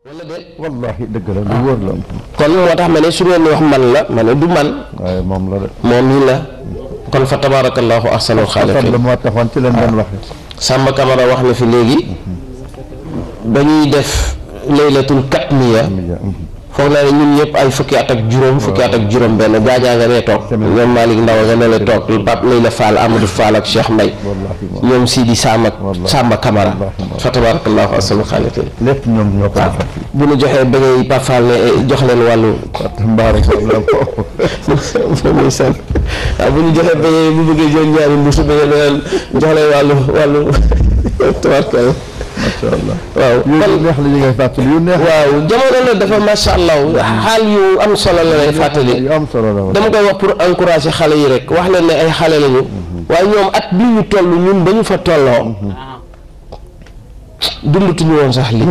wala de wallahi dëgg la lu wóor la kon moo tax ma ne su ngeen wax man la ma ne du man moom la de moom la kon fa tabaarakallaahu ahsanul xaaliqiin la moo taxoon ci leen doon ah. waxe Samba Camara wax na fi léegi mhm. dañuy def laylatul katmiya mhm. foog naa ne ñun ñëpp ay fukki at ak juróom fukki at ak juróom benn gaajaa nga nee toog ñoom Malick Ndaw nga ne la toog Pape Lay la Fall Amadou Fall ak Cheikh Mbaye ñoom Sidi Samb ak Samba Camara fa tabarakallahu asal xaaliqin lépp ñoom ñoo bu ñu joxee ba ngay Pape Fall ne eh, jox leen wàllu wàllu wàllu tabarkalla waaw. yu la ñu ngay fàttali yu neex. waaw jamono la dafa macha allah xaal yu am solo la lay fàttali. yu la dama koy wax pour encourager xale yi rek wax leen ne ay xale lañu. Mhm. waaye ñoom at bi ñu toll ñun ba ñu fa tolloo. Mhm. dundatuñu woon sax lii.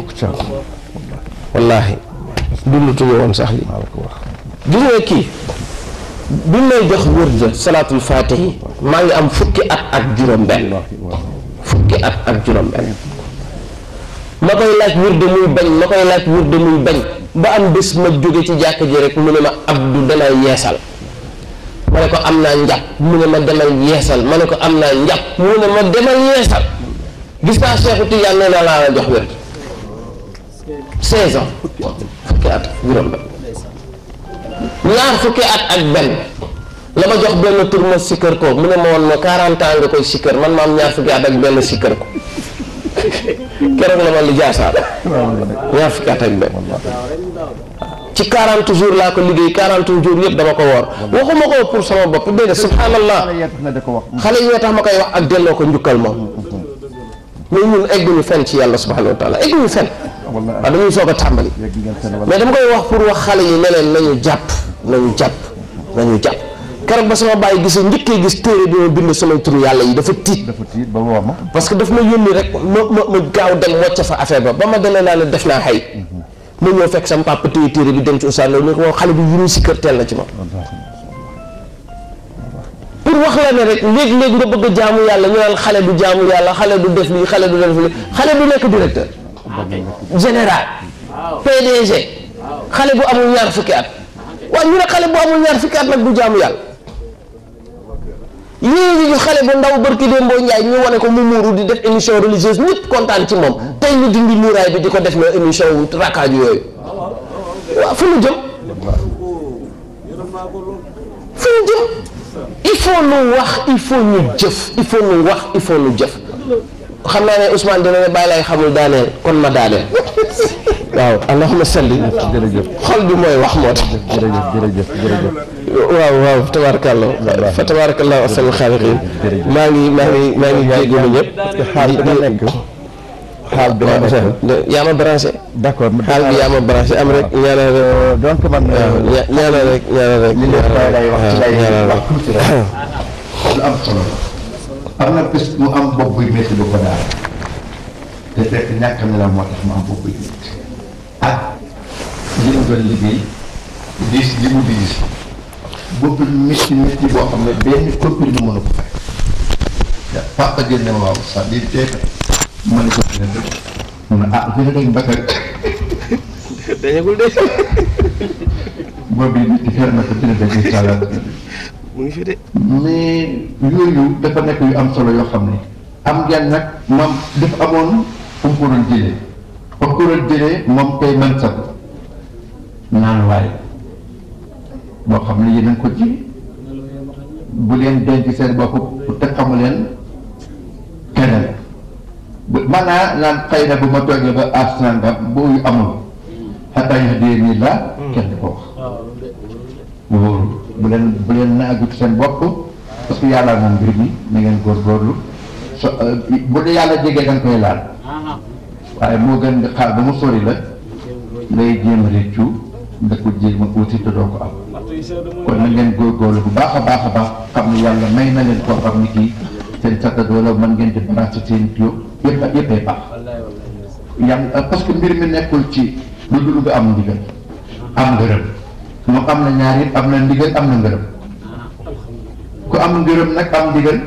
wallaahi dundatuñu woon sax lii. gis nga kii bi may jox wërd salaatul faatihi maa ngi am fukki at ak juróom-benn fukki at ak juróom-benn. ma koy laaj de muy bañ ma koy laaj wird muy bañ ba am bés ma jóge ci jàkk ji rek mu ne ma Abdou demal ko am naa njàpp mu ne ma demal yeesal ma ne ko am naa njàpp mu ne ma demal yeesal gis naa Seexu Tijaan nee na laa la jox at ak benn la ma jox benn tur ma sikkër ko mu ne ma woon ma 40 ans nga koy sikkër man ma am ñaar fukki at ak benn sikkër ko keroog la ma li jaasaar ñaar fukki at ak benn ci 40 jours laa ko liggéey 40 jours yëpp dama ko woor waxuma ko pour sama bopp déedéet subhanallah xale yi tax ma koy wax ak delloo ko njukkal moom mais ñun egguñu fenn ci yàlla subhanahu wa taala egguñu fenn waaw dañuy soog a tàmbali mais dama koy wax pour wax xale yi ne leen nañu jàpp nañu jàpp nañu jàpp keroog ba sama bàyyi gisee njëkkee gis téere bi ma bind sama turu yàlla yi dafa tiit. ma wax ma. parce que daf ma yónni rek ma ma ma gaaw dem wocc fa affaire ba ba ma demee naa def naa xay. Mhm. ma ñëw fekk sama papa téye téere bi dem ci Ousseyn Lo ne ko xale bi yëngu si kër teel na ci ma. pour wax la ne rek léeg-léeg nga bëgg a jaamu yàlla ñu naan xale du jaamu yàlla xale du def lii xale du def lii xale du nekk directeur. général. PDG. xale bu amul ñaar fukki at. waaw ñu ne xale bu amul ñaar fukki at nag du jaamu yàlla. lii ñu xale bu ndaw barki démboo Njaay ñu wane ko mu muuru di def émission religieuse ñëpp kontaan ci moom tey ñu dindi muuraay bi di ko def na émission wu rakkaaju yooyu waaw fu ñu jëm fu ñu jëm il faut ñu wax il faut ñu jëf il faut ñu wax il faut ñu jëf xam naa ne Ousmane dina ne bàyyi lay xamul daaneel kon ma daaneel واو اللهم صل جرجف خل بموي وحمود جرجف جرجف جرجف واو واو تبارك الله فتبارك الله أسم الخالقين ماني ماني ماني جيجو من يب حال بلا يا ما برانسي داكور حال بلا ما برانسي ام رك نيانا دونك مان نيانا رك نيانا رك لي لي لا لاي واخ لا لاي واخ كوتي رك ام صلو ام بوب بي ميتي بوكو دار تي تي نياك نلا موتاخ ما بوب بي ميتي ak li mu liggéey diis li mu diis bopp métti métti boo xam ne benn copine bi mënu ko fay da fi leen rek mun a ah fi ne dañ bakar fer na ko ci ne dañuy sàllaat mu ngi fi de mais yooyu dafa nekk yu am solo yoo xam ne am ngeen ma moom dafa amoon fu ko la jëlee moom tey man sa naan waaye boo xam ne yéen ko ci bu leen denc seen bopp te xamu leen keneen maanaa naan xëy na bu ma toogee ba aas nangam boobu amul xataa yax dee kenn ko wax bu bu seen parce que ngeen so euh, bu dee yàlla jege koy laal ah, ah waaye moo gën nga xaar ba mu sori la ngay jéem rëccu nga ko jéem a uuti te doo ko am kon na ngeen góorgóorlu bu baax a baax a baax xam ne yàlla may na leen koo xam ni kii seen ngeen di seen yëpp baax yàlla euh, parce que mbir mi nekkul ci lu am ndigal am ngërëm moom am na ñaar yëpp am na ndigal am na ngërëm ku am ngërëm nag am ndigal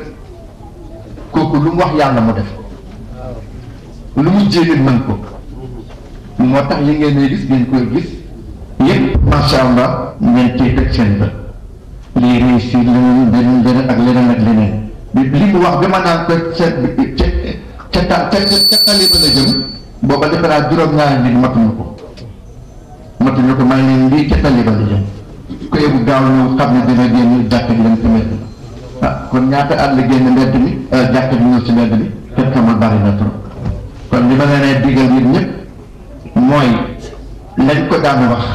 kooku lu mu wax yàlla mu def lu mu jéem man ko moo tax yi ngeen di gis ngeen koy gis yëpp macha allah ngeen ciy teg lii réussir leneen leneen leneen ak leneen ak li ko wax bi ma naan ko ca ca ca ca taliba la jëm booba defe naa juróom-ñaari nit matuñu ko matuñu ko maa la jëm koy bu gaaw ñu xam ne dina génn jàkk ji leen ci mbedd mi ah, kon ñaata at la génn mbedd mi euh, jàkk ji ñëw ci mbedd mi te xamal bari na kon li ma leen a digal yéen mooy lañ ko daan wax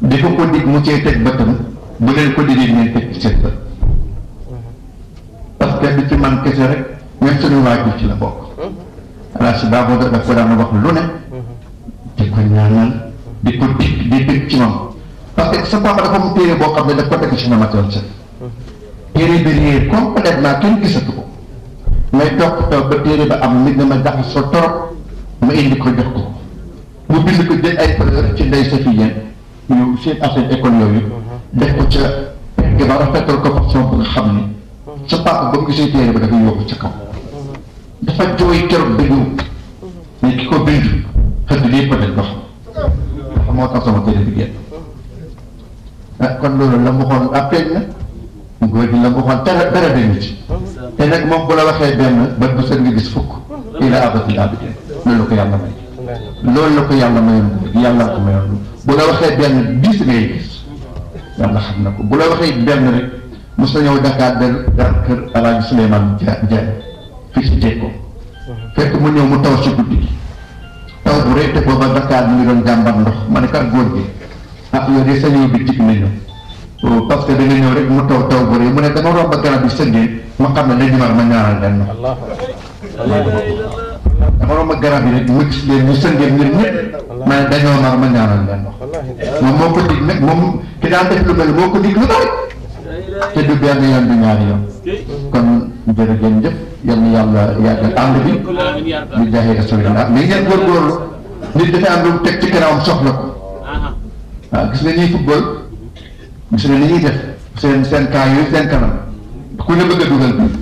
di ko ko dig mu cee teg bëtam bu leen ko digee ngeen teg ci seen bët ci man kese rek même suñu waajur ci la bokk ala baa boobu daf ko daan wax lu ne di ko ñaanal di ko dig di dig ci moom parce que sa papa dafa mu téere boo xam ne daf ko teg ci na matoon sa téere bi réer complètement kenn gisatu may topp toog ba téere ba am nit na ma jaxasoo torop ma indi ko jox ko mu bind ko jël ay preuve ci ndey Safiya ñëw seen affaire école yooyu def ko ca pegg ba rafetal ko façon bu nga xam ni sa papa ba mu gisee téere ba dafa yóbbu ca kaw dafa jooy keroog ba ñëw mais ki ko bind xëdd lii peut être dox dafa moo tax sama téere bi génn ah kon loolu la mu xool appel ah, na góor gi la mu xool tere tere dañu ci mm-hmm. te nag moom bu la waxee benn bët bu set nga gis fukk mm-hmm. ila abatil abidin loolu ko yàlla may loolu ko yàlla mayoon nguur ko mayoon bu la waxee benn bis ngay gis yàlla xam bu la waxee benn rek mos na Dakar del kër Alaaji Souleymane Ndiaye fii si Jekko fekk mu ñëw mu taw si guddi taw bu rëy te booba Dakar mu doon jàmbat ndox kat gi ah oh, parce que rek mu taw taw bu mu ne dama garab bi ma borom ak garab yi rek wëcc leen ñu sën ngeen ñun ma dañoo mar ma ñaanal leen moom moo dig nag moom ki daan def lu mel dig lu te du yoon yoon kon jërëjëf jëf yal na yàlla yàggal ànd bi ñu jaxee asolillah mais ngeen góorgóorlu nit dafa am lu teg ci kanamam soxla ko waaw gis nga ñuy football gis nga def seen seen seen kanam ku ne bëgg bi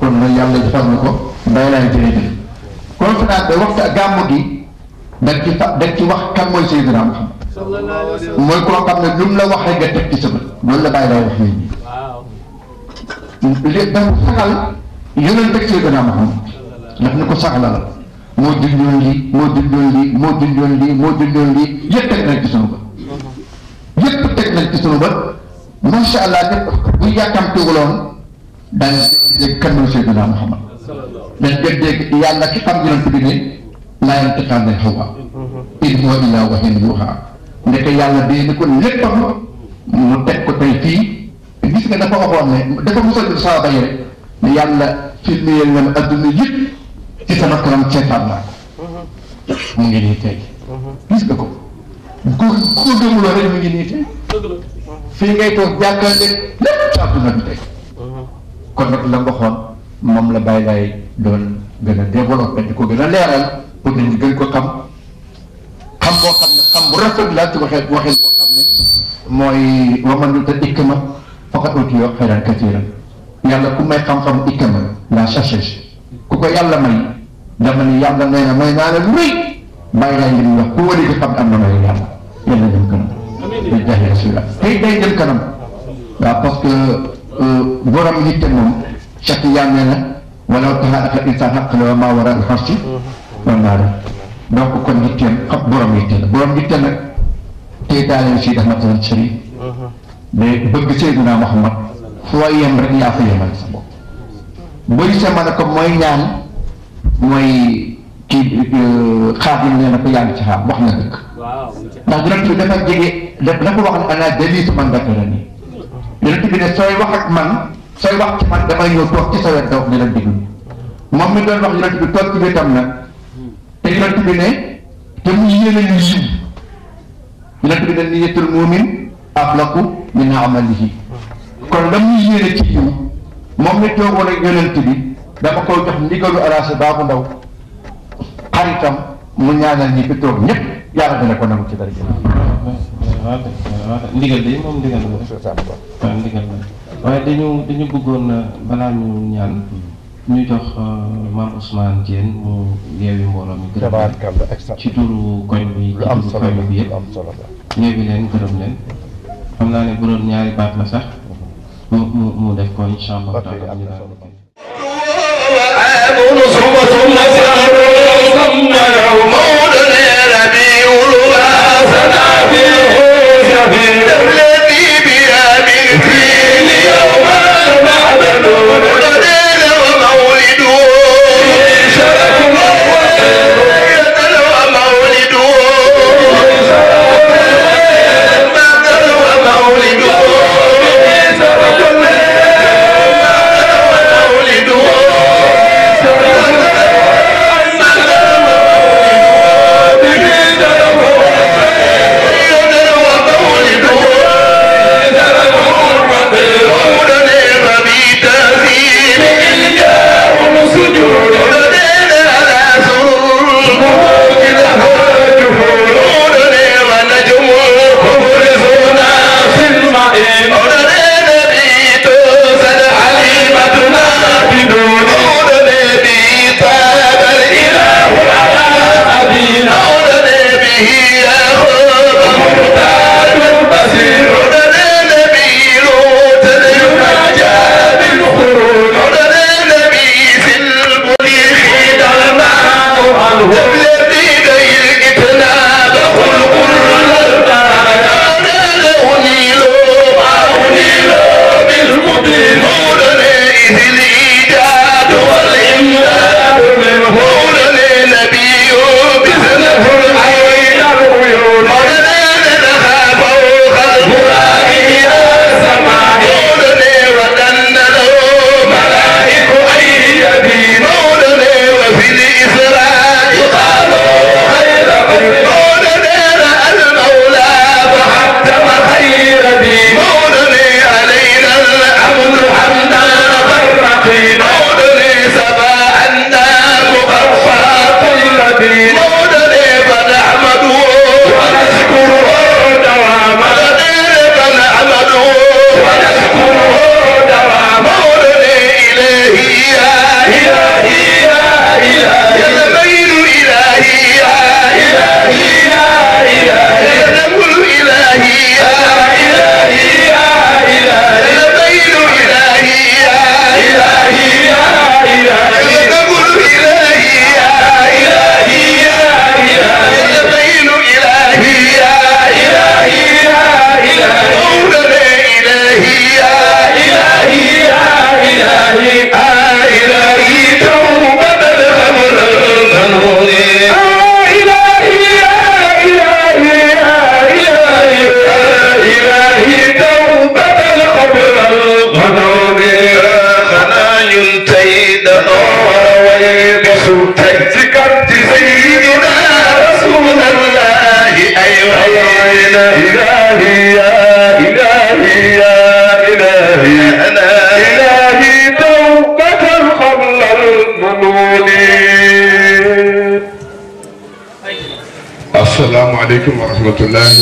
kon loolu yàlla ji fam na ko mbay laay jërëjëf conférence bi waxta gàmmu gi dag ci fa dag ci wax kan mooy Seydina Muhammad mooy koo xam ne lu mu la wax rek nga teg ci sa bët loolu la bàyyi laay wax nii li dafa saxal yonent ak Seydina Muhammad daf ni ko saxla la moo dundoon lii moo dundoon lii moo dundoon lii moo dundoon lii yëpp teg nañ ci sunu bët yëpp teg nañ ci sunu bët macha allah bu yàkkamtiwuloon dañ dégg kan mooy Seydina Muhammad dañ gën dégg yàlla ki xam yonent bi ne laa yantiqaa anil hawaa in huwa illaa wahyun yuuhaa ndeke yàlla dee ni ko léppam mu teg ko tey fii gis nga dafa waxoon ne dafa musal bi saaba yi rek ne yàlla filmé na ma adduna yëpp ci sama kanam seetaan naa mu ngi nii tey gis nga ko ku ku gëmuloo rek mu ngi nii tey fii ngay toog jàkkaarloo lépp ci adduna bi kon nag la nga waxoon la Baye Laye doon gën a développé di ko gën a leeral pour nit ñi gën ko xam xam boo xam ne xam bu rafet laa ci waxee waxee mooy wamandu ta ikk ma faqat utiyo xayran katiran yàlla ku may xam-xam ikk ma la cherche ko yàlla may dama ni yàlla na may naa la lu rëy Baye Laye li mu wax ku am na may yàlla yàlla dem kanam. amiin day jaay rasulillah tey day dem kanam waaw parce Euh, borom yitte moom chaque yàlla nee na wala taxaata insaan xaq la maa war a xor si wala naa la donc kon yitteem xam borom yitte la borom yitte nag tey daale si dafa tëral sëriñ mais bëgg Seydina Muhammad foo yem rek yaa fa yemal sa bopp buy sama ne ko mooy ñaan mooy kii euh, xaadim nee na ko yaa ngi ci xaar wax na dëgg ndax dina tudd dafa jege dafa wax ne ana dali sama ndakara nii yonent bi ne sooy wax ak man sooy wax ci man damay ñëw toog ci sa wet na wax ne la diglu moom mi doon wax yonent bi toog ci wetam nag te yonent bi ne te mu yéene ñu yiw yonent bi ne niyyatul mu'min axlaqu min amalihi kon la muy yéene ci yiw moom mi toogoon ak yonent bi dafa ko jox ndigalu alaasi baabu ndaw xaritam mu ñaan ñi fi toog ñëpp yàlla dina ko nangu ci dara waaw ñu ñaan ñu jox maam Ousmane Diène mu ci turu koñ bi ci turu famille bi yëpp yeewi leen gërëm leen xam naa ne bu doon ñaari baat la sax mu mu def ko incha allah ñu الذي بيده اليوم المعدنون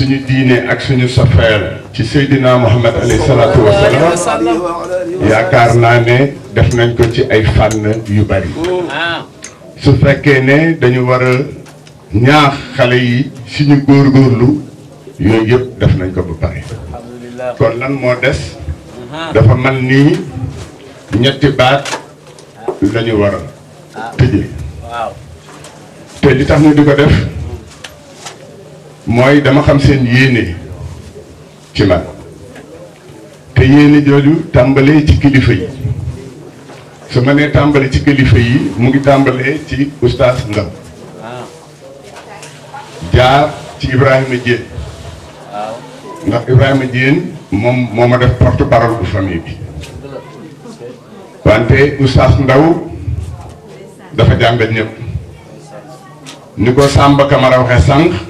suñu diine ak suñu sofeel ci Seydina Muhammad alayhi salaatu wa yaakaar naa ne def nañ ko ci ay fànn yu bari ah. su fekkee ne dañu war a ñaax xale yi suñu góorlu yooyu yëpp def nañ ko ba pare kon lan moo des dafa man nii ñetti baat lañu war a ah. tëjee te li tax ñu di ko def mooy dama xam seen yéene ci man te yéene jooju tàmbalee ci kilifa yi su ma nee tàmbale ci kilifa yi mu ngi tàmbalee ci oustaz Ndaw jaar ci Ibrahima Diène ndax Ibrahima Diène moom moo ma def porte parole bu famille bi wante oustaz Ndaw dafa jàngal ñëpp ni ko Samba Camara waxee sànq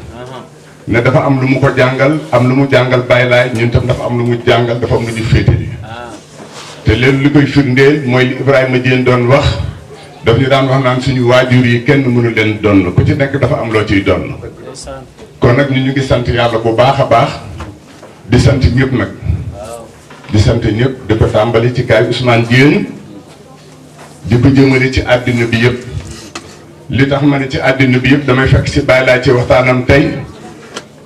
ne dafa am lu mu ko jangal am lu mu jangal, bàyyi laay ñun tam dafa am lu mu jangal dafa am lu ñu ah té leen li koy firndeel moy li Ibrahima Diène doon wax daf ñu daan wax naan suñu wajur yi kenn mënu leen donn ku ci nek dafa am lo ci donn kon nak ñu ñu ngi sant yalla bu baaxa baax di sant ñepp nak di sant ñepp di ko tambali ci kay Ousmane Diène di ko jëmale ci adina bi yépp li tax ma ne ci adina bi yépp damay fekk ci bàyyi ci waxtanam tay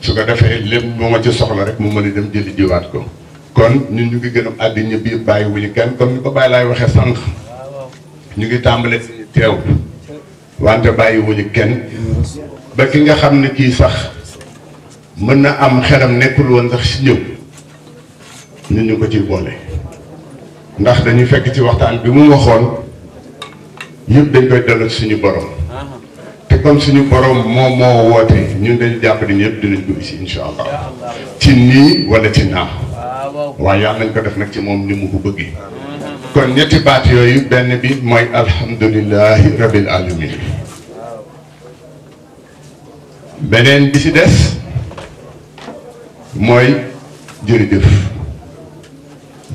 su ko defee lépp lu ma ci soxla rek mu ma a dem jëli jiwaat ko kon ñun ñu ngi gërëm àddina bi bàyyi wuñu kenn comme ni ko bàyyi laay waxee sànq ñu ngi tàmbale suñu teew wante bàyyi wuñu kenn ba ki nga xam ne kii sax mën na am xelam nekkul woon sax si ñëw ñun ñu ko ci boole ndax dañuy fekk ci waxtaan bi mu waxoon yëpp dañ koy dellu suñu borom comme suñu borom moo moo woote ñun dañ japp ni ñepp dinañ dugg si inshallah allah ci ni wala ci na wa ya lañ ko def nak ci mom ni mu ko bëggee kon ñetti baat yooyu benn bi moy alhamdullilah rabbil alamin Benen bi moy jëri def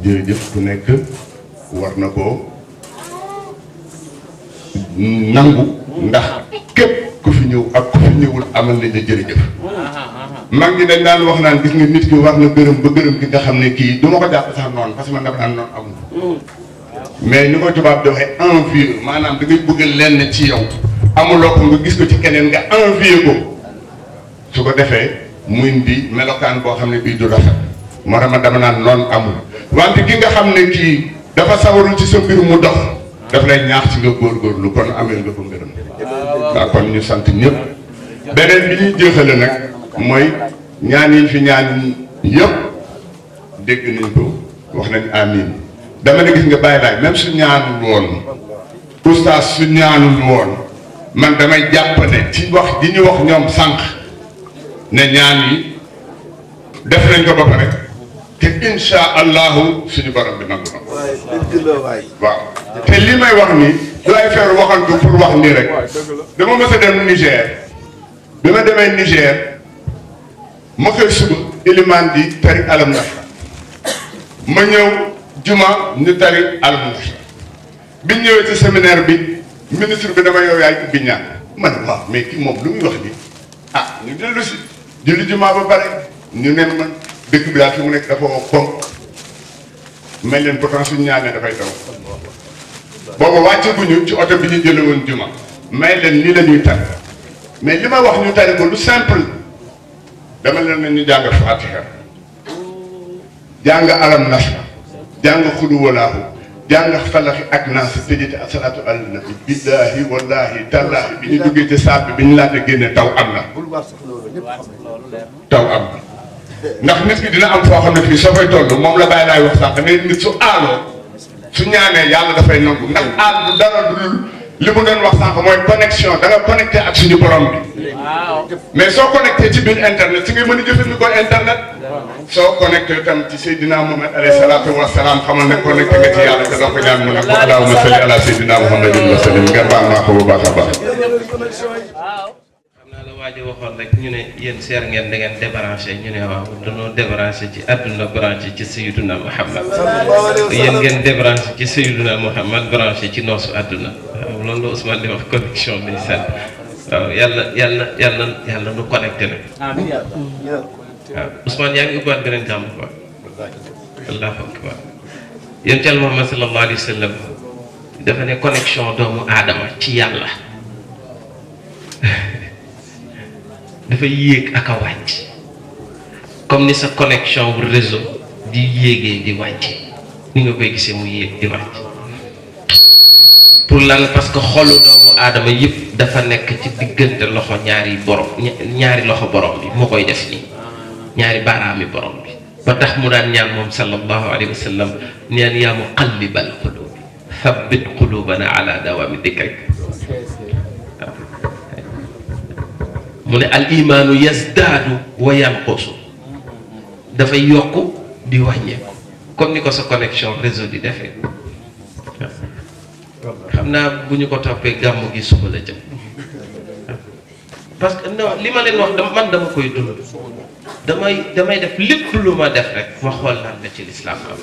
jëri def ku nekk war na ko nangu ndax ku fi ñëw ak ku fi ñëwul amal nañ la jërëjëf mag ñi dañ daan wax naan gis nga nit ki war na gërëm ba gërëm gi nga xam ne kii du ma ko jàpp sax noonu parce que man dama mais ni ko tubaab di waxee envie maanaam da ngay bëgg lenn ci yow amuloo ko nga gis ko ci keneen nga envie ko su ko defee muy ndi melokaan boo xam ne bii du rafet moo tax man dama naan noonu amul wante ki nga xam ne kii dafa sawarul ci sa mbir mu dox daf lay ñaax ci nga góorgóorlu kon amel nga ko ngërëm waaw kon ñu sant ñëpp beneen bi ñuy jeexale nag mooy ñaan yi fi ñaan yëpp dégg nañ ko wax nañu amin dama ne gis nga bàyyi laay même su ñaanul woon oustaz su ñaanul woon man damay jàpp ci wax di ñu wax ñoom sànq ne ñaan yi def nañ ko ba pare te insha allahu suñu borom bi nangu na waaw te lii may wax ni du ay feeru waxantu pour wax nii rek dama mës a dem Niger bi ma demee Niger ma koy suba ilimaan di tari alam na ma ñëw juma ñu tari alam na bi ñëwee ci séminaire bi ministre bi dama yow yaay ubbi ñaan man waaw mais kii moom lu muy wax nii ah ñu dellu si julli jumaa ba pare ñu nen man dëkk bi daal mu nekk dafa fonk mel leen pourtant suñu ñaanee dafay taw booba wàcceeguñu ci oto bi ñu jëlee woon juma may leen lii la ñuy mais li ma wax ñu tari ko lu simple dama leen ne ñu jàng Fatiha jàng alam nas jàng xudu walaahu jàng falaxi ak naas tëjee ci asalaatu ala nabi billaahi wallaahi tallaahi bi ñu duggee ci saab bi ñu laata génne taw am na taw am na. ndax nit ki dina am foo xam ne fii soo fay toll moom la bàyyi laay wax sànq ne nit su aaloo su ñaanee yàlla dafay nangu ndax aal du dara dul li mu doon wax sànq mooy connexion da nga connecté ak suñu borom bi mais soo connecté ci biir internet si ngay mën a jëfandikoo internet soo connecté tam ci Seydina Muhammad alayhi salaatu wa salaam xamal ne connecté nga ci yàlla te doo ko ñaan mu ne ko allahumma salli ala Seydina Muhammadin wa sallim nga baal maa ko bu baax a baax waa ji waxoon rek ñu ne yéen seer ngeen da ngeen débranché ñu ne waaw dañoo débranché ci àdduna branché ci Sayyiduna Muhammad yéen ngeen débranché ci Sayyiduna Muhammad branché ci noosu àdduna waaw loolu la Ousmane di wax connexion bi seen waaw yàlla yàlla yàlla yàlla nu connecté nag waaw Ousmane yaa ngi ubbaat beneen jàmm quoi allahu akbar yéen cal Muhammad sallallahu alayhi wa aadama ci yàlla dafay yéeg ak wàcc comme ni sa connexion bu réseau di yéegee di wàcc ni nga koy gisee mu yéeg di wàcc pour lan parce que xolu aadama yëpp dafa nekk ci diggante loxo ñaari borom ñaari loxo borom bi moo koy def nii ñaari baaraami borom bi ba tax mu daan ñaan moom sallallahu alayhi wa sallam neen yaa muqallibal qulub thabbit qulubana ala dawami dikrik mu ne al imaanu yasdaadu wa yanqusu dafay yokk di wàññeeku comme ni ko sa connexion réseau di defee xam naa bu ñu ko toppee gàmm gi suba la jëm parce que non li ma leen wax dama man dama koy dund damay damay def lépp lu ma def rek ma xool lan la ci lislaam am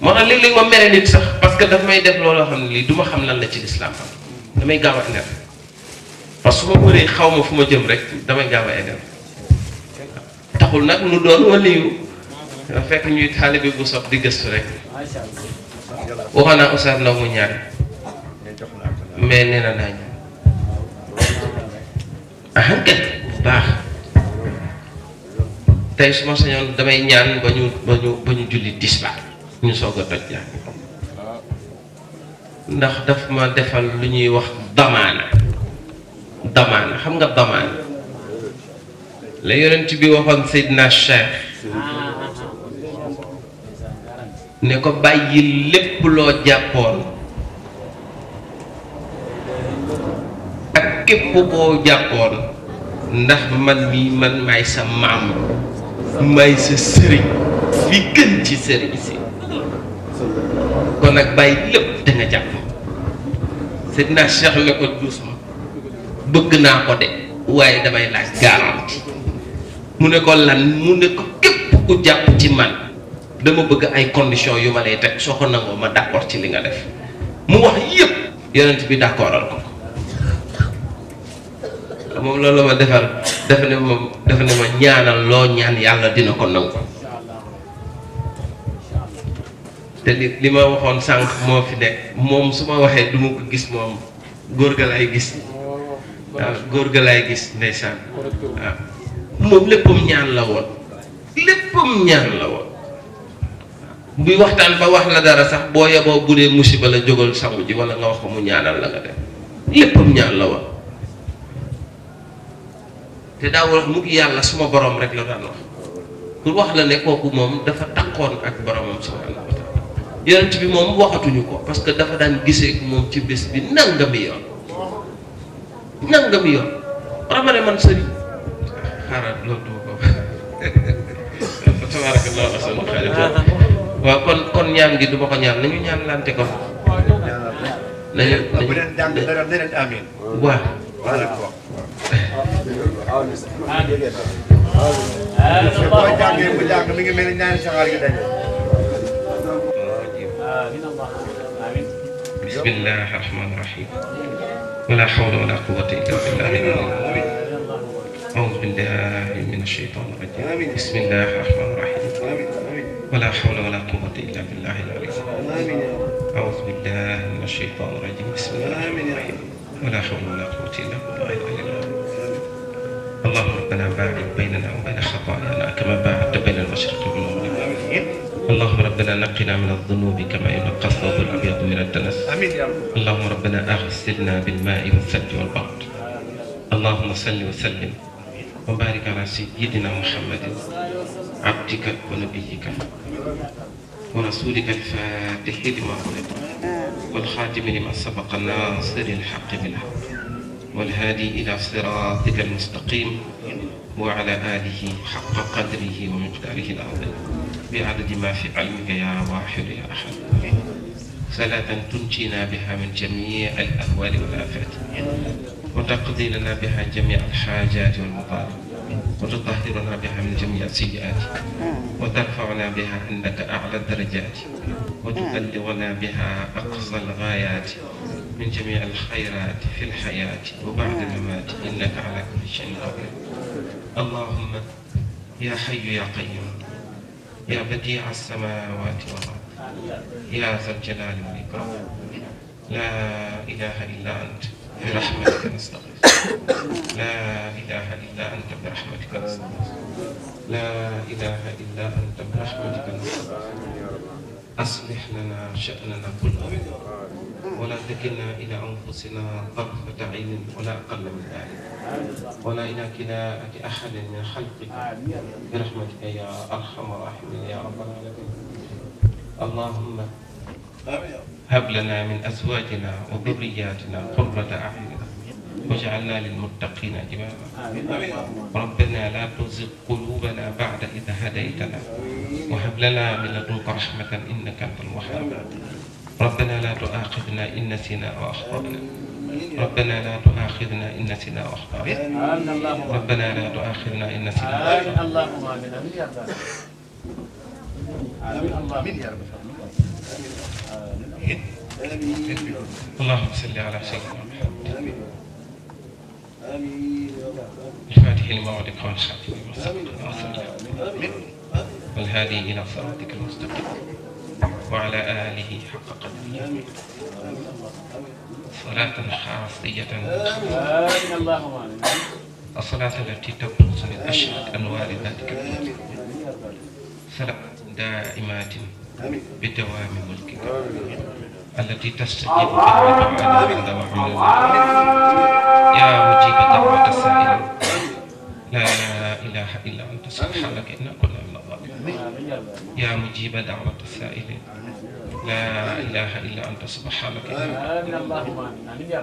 moo tax léeg-léeg ma mere nit sax parce que daf may def looloo xam ne lii du ma xam lan la ci lislaam am damay gaaw a neex parce que boobu ne xaw ma fu ma jëm rek damay gaaw a eggal taxul nag nu doon waliyu fekk ñuy taalibe bu sob di gëstu rek waxoon naa Oustaz Ndaw mu ñaan mais nee na naa ñaan baax tey su ma damay ñaan ba ñu ba julli tisbaar ñu soog toj jàng ndax daf ma defal lu ñuy wax damaana damaana xam nga damaana la yonent bi waxoon Seydina Cheikh ne ko bàyyi lépp loo jàppoon ak képp koo jàppoon ndax man bi man maay sa maam maay sa sëriñ fi gën ci sëriñ si kon nag bàyyi lépp da nga jàpp Seydina Cheikh la ko duus ma bëgg na ko de waye damay laaj garanti mu ne ko lan mu ne ko képp ku japp ci man dama bëgg ay condition yu ma lay teg soo ko ma d'accord ci li nga def mu wax yépp yonent bi d'accordal ko la la ma defal def ne mom, def ne ma ñaanal lo ñaan yalla dina ko nangu te li li ma fi mom suma duma ko gis mom gis góor ga laay gis ndeysaan ah. waaw moom ñaan la won leppum ñaan la won muy waxtaan ba wax la dara sax bo yabo bu musiba la jógal sangu ji wala nga wax ko mu ñaanal la nga def leppum ñaan la won te da wax mu ngi yalla suma borom rek la daan wax ku wax la ne koku mom dafa takkon ak boromam subhanahu wa taala yaronte bi mom waxatuñu ko parce que dafa daan gisee mom ci bes bi nangami yoon nangam yoon war ma ne man sëriñ lo loolu du ko fa lo asal waaw kon kon nyang gitu du nyang nyang nyang nañu kok lante amin ولا حول ولا قوة إلا بالله أعوذ بالله من الشيطان الرجيم بسم الله الرحمن الرحيم ولا حول ولا قوة إلا بالله العلي العظيم أعوذ بالله من الشيطان الرجيم بسم الله الرحمن الرحيم ولا حول ولا قوة إلا بالله العلي العظيم اللهم ربنا باعد بيننا وبين خطايانا كما باعدت بين المشرق ربنا نقنا من الذنوب كما ينقى الثوب الابيض من الدنس امين يا رب اللهم ربنا اغسلنا بالماء والثلج والبرد اللهم صل وسلم وبارك على سيدنا محمد عبدك ونبيك ورسولك الفاتح لما خلق والخاتم لما سبق الناصر الحق بالحق والهادي الى صراطك المستقيم وعلى اله حق قدره ومقداره العظيم بعدد ما في علمك يا واحد يا أحد صلاة تنجينا بها من جميع الأهوال والآفات وتقضي لنا بها جميع الحاجات والمطالب وتطهرنا بها من جميع السيئات وترفعنا بها عندك أعلى الدرجات وتبلغنا بها أقصى الغايات من جميع الخيرات في الحياة وبعد الممات إنك على كل شيء قدير اللهم يا حي يا قيوم يا بديع السماوات والأرض يا ذا الجلال والإكرام لا إله إلا أنت برحمتك نستغيث لا إله إلا أنت برحمتك نستغيث لا إله إلا أنت برحمتك نستغيث أصلح لنا شأننا كله ولا تكلنا إلى أنفسنا طرفة عين ولا أقل من ذلك ولا إلى كناءة أحد من خلقك برحمتك يا أرحم الراحمين يا رب العالمين اللهم هب لنا من أزواجنا وذرياتنا قرة أعين واجعلنا للمتقين إماما ربنا لا تزغ قلوبنا بعد إذ هديتنا وهب لنا من لدنك رحمة إنك أنت الوهاب ربنا لا تؤاخذنا إن نسينا أخطأنا ربنا لا تؤاخذنا إن نسينا أخطأنا ربنا لا تؤاخذنا إن نسينا أخطأنا اللهم آمين آمين يا رب اللهم صل على سيدنا محمد آمين آمين الفاتح لموعد قول خاتم والهادي إلى صراطك المستقيم وعلى آله حق قدره صلاة خاصية الصلاة التي تبرز من أشهر أنوار ذلك الدين صلاة دائمات بدوام ملكك التي تستجيب بها عند وعند يا مجيب دعوة السائل لا إله إلا أنت سبحانك إنا كنا من الظالمين يا مجيب دعوة السائلين لا إله إلا أنت سبحانك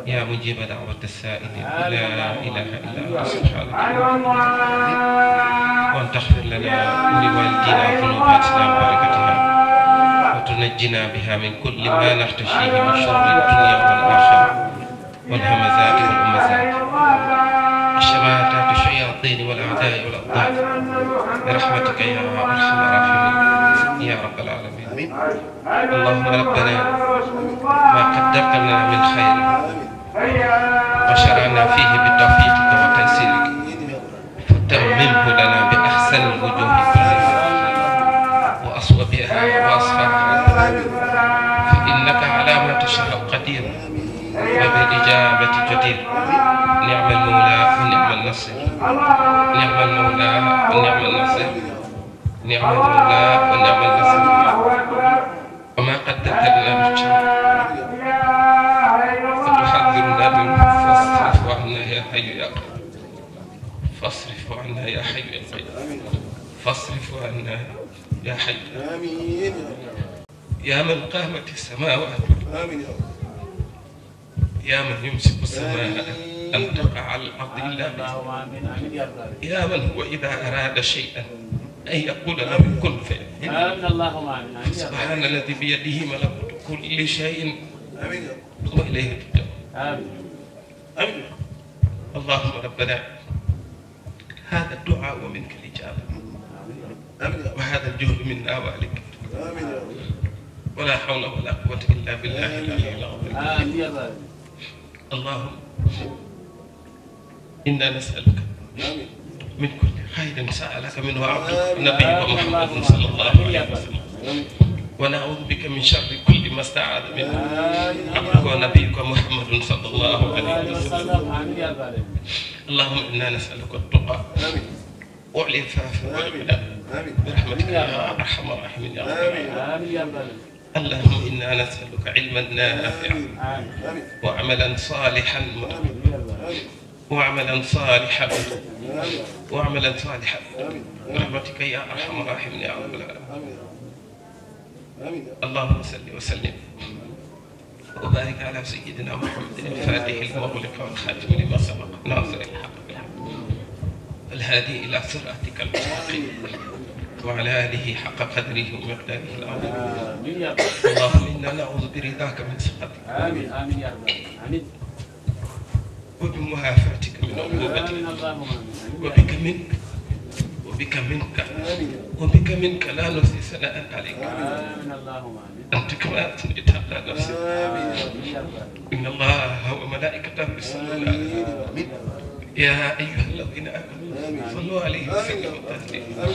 يا مجيب دعوة السائلين لا إله إلا أنت سبحانك وأن تغفر لنا ولوالدينا وذنوباتنا وبركتها وتنجنا بها من كل ما نحتشيه من شر الدنيا والآخرة والهمزات والهمزات الشماتات الشياطين والأعداء والأضداد برحمتك يا أرحم الراحمين يا رب العالمين آمين اللهم ربنا ما قدمت لنا من خير وشرعنا فيه بتوفيقك وتيسيرك فتممه لنا بأحسن الوجوه وأصوبها وأصفاها فإنك على ما تشاء قدير وبالإجابة جدير نعم المولى ونعم النصير نعم المولى ونعم النصير نعم المولى ونعم النصير حي يا قيوم فاصرف عنا يا حي يا قيوم فاصرف عنا يا حي آمين يا من قامت السماوات آمين يا من يمسك السماء أن تقع على الأرض إلا يا من هو إذا أراد شيئا أن يقول له كن فيكون آمين اللهم آمين سبحان الذي بيده ملكوت كل شيء آمين وإليه ترجعون آمين آمين اللهم ربنا هذا الدعاء ومنك الإجابة وهذا الجهد منا وعليك ولا حول ولا قوة إلا بالله آمين العظيم اللهم إنا نسألك من كل خير سألك منه عبدك النبي محمد صلى الله عليه وسلم ونعوذ بك من شر كل ما استعاذ منه عبدك ونبيك محمد صلى الله عليه وسلم اللهم انا نسالك التقى والعفاف والغنى برحمتك يا ارحم الراحمين يا رب اللهم انا نسالك علما نافعا وعملا صالحا وعملا صالحا وعملا صالحا برحمتك يا ارحم الراحمين يا رب العالمين اللهم صل وسلم وبارك على سيدنا محمد الفاتح المغلق والخاتم لما سبق ناصر الحق بالحق الهادي الى صراطك المستقيم وعلى اله حق قدره ومقداره العظيم اللهم انا نعوذ برضاك من سخطك امين امين يا رب العالمين وبمعافاتك من عقوبتك وبك منك بك منك وبك منك لا نفسي ثناء عليك آمين أنت كما أثنيت على نفسي إن الله وملائكته يصلون على يا أيها الذين آمنوا صلوا عليه وسلموا تسليما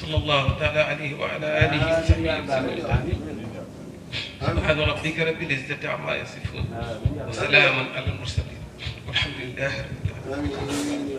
صلى الله تعالى عليه وعلى آله وصحبه وسلم سبحان ربك رب العزة عما يصفون وسلام على المرسلين والحمد لله رب العالمين